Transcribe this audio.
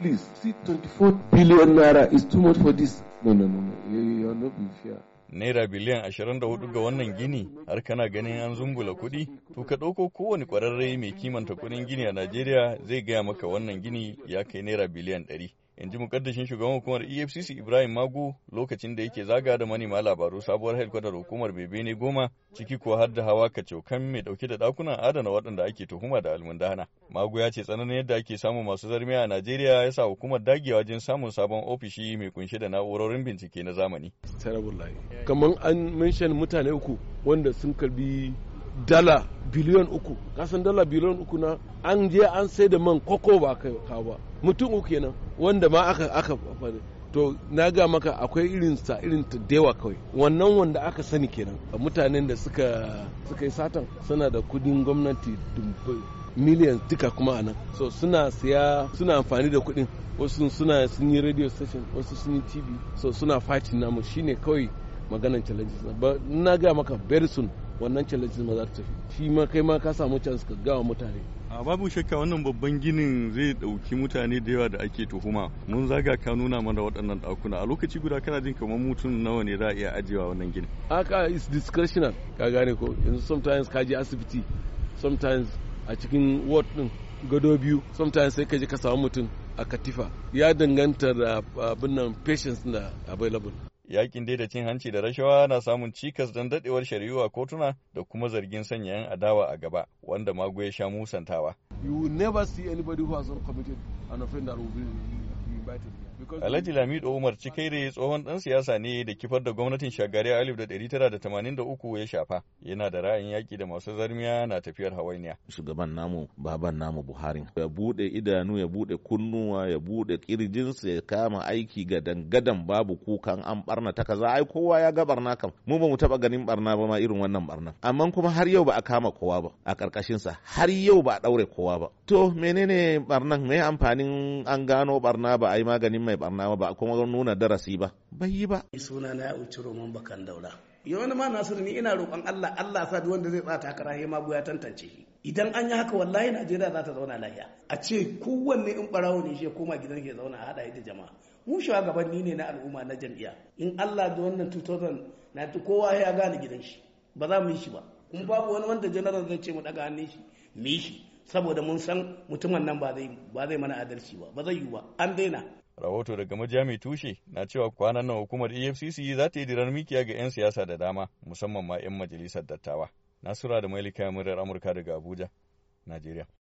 please, see 24 billion naira is too much for this. No, no, no, no. You, you are not being fair. Naira biliyan 24 ga wannan gini har kana ganin an zungula kuɗi, to ka ɗauko kowane ƙwararre mai kimanta kuɗin gini a Najeriya zai gaya maka wannan gini ya kai Naira biliyan 100. in ji mukaddashin shugaban hukumar efcc ibrahim magu lokacin da yake zaga da manema labaru sabuwar hedkwatar hukumar bebene goma ciki ko har da hawa kan mai dauke da dakunan adana waɗanda ake tuhuma da almundana magu ya ce tsananin yadda ake samun masu zarmi a najeriya ya sa hukumar dagewa wajen samun sabon ofishi mai kunshe da na'urorin bincike na zamani kamar an mutane uku wanda sun karbi dala biliyon uku kasan dala biliyon uku na an je an sai da man koko ba ka ba mutum uku kenan wanda ma aka aka fare to na ga maka akwai irin sa irin ta dewa kawai wannan wanda aka sani kenan mutanen da suka suka yi satan suna da kudin gwamnati miliyan duka kuma anan so suna siya suna amfani da kudin wasu suna sun yi radio station wasu sun yi tv so suna fatin namu shine kawai maganan challenges na ga maka very wannan challenge ma za ta tafi shi ma kai ma ka samu chance ka gawa mutane a babu shakka wannan babban ginin zai dauki mutane da yawa da ake tuhuma mun zaga ka nuna mana waɗannan ɗakuna a lokaci guda kana jin kamar mutum nawa ne za a iya ajiyewa wannan ginin aka is discretional ka gane ko yanzu sometimes ka je asibiti sometimes a cikin ward din gado biyu sometimes sai ka je ka samu mutum a katifa ya danganta da abin nan patients na available yakin dai da cin hanci da rashawa na samun cikas don dadewar shari'u a kotuna da kuma zargin sanya yan adawa a gaba wanda mago ya sha musantawa you will never see anybody who has not committed an offense that will be Alhaji Lamido Umar Cikaire tsohon dan siyasa ne da kifar da gwamnatin shagari alif da ɗari tara da tamanin da uku ya shafa. Yana da ra'ayin yaƙi da masu zarmiya na tafiyar hawainiya. Shugaban namu baban namu Buhari ya buɗe idanu ya buɗe kunnuwa ya buɗe kirjinsa ya kama aiki ga dangadan babu kukan an barna ta kaza ai kowa ya ga barna kam mu ba mu taɓa ganin barna ba ma irin wannan barna amma kuma har yau ba a kama kowa ba a ƙarƙashinsa har yau ba a ɗaure kowa ba. To menene barnan me amfanin an gano barna ba a yi maganin mai barna ba kuma nuna darasi ba bai yi ba suna na uci roman bakan daura yawan ma nasiru ni ina roƙon Allah Allah sa duk wanda zai tsaya takara ya mago ya tantance shi idan an yi haka wallahi Najeriya za ta zauna lafiya a ce kowanne in barawo ne shi koma gidan ke zauna a hada da jama'a mu ni ne na al'umma na jam'iyya in Allah da wannan 2000 na kowa ya gane gidan shi ba za mu yi shi ba kuma babu wani wanda general zai ce mu daga hannun shi mu yi shi saboda mun san mutumin nan ba zai mana adalci ba ba zai yi ba an daina rahoto daga majami tushe na cewa kwanan nan hukumar efcc za ta yi dirar mikiya ga 'yan siyasa da dama musamman ma 'yan majalisar dattawa nasura da mailika murar amurka daga abuja najeriya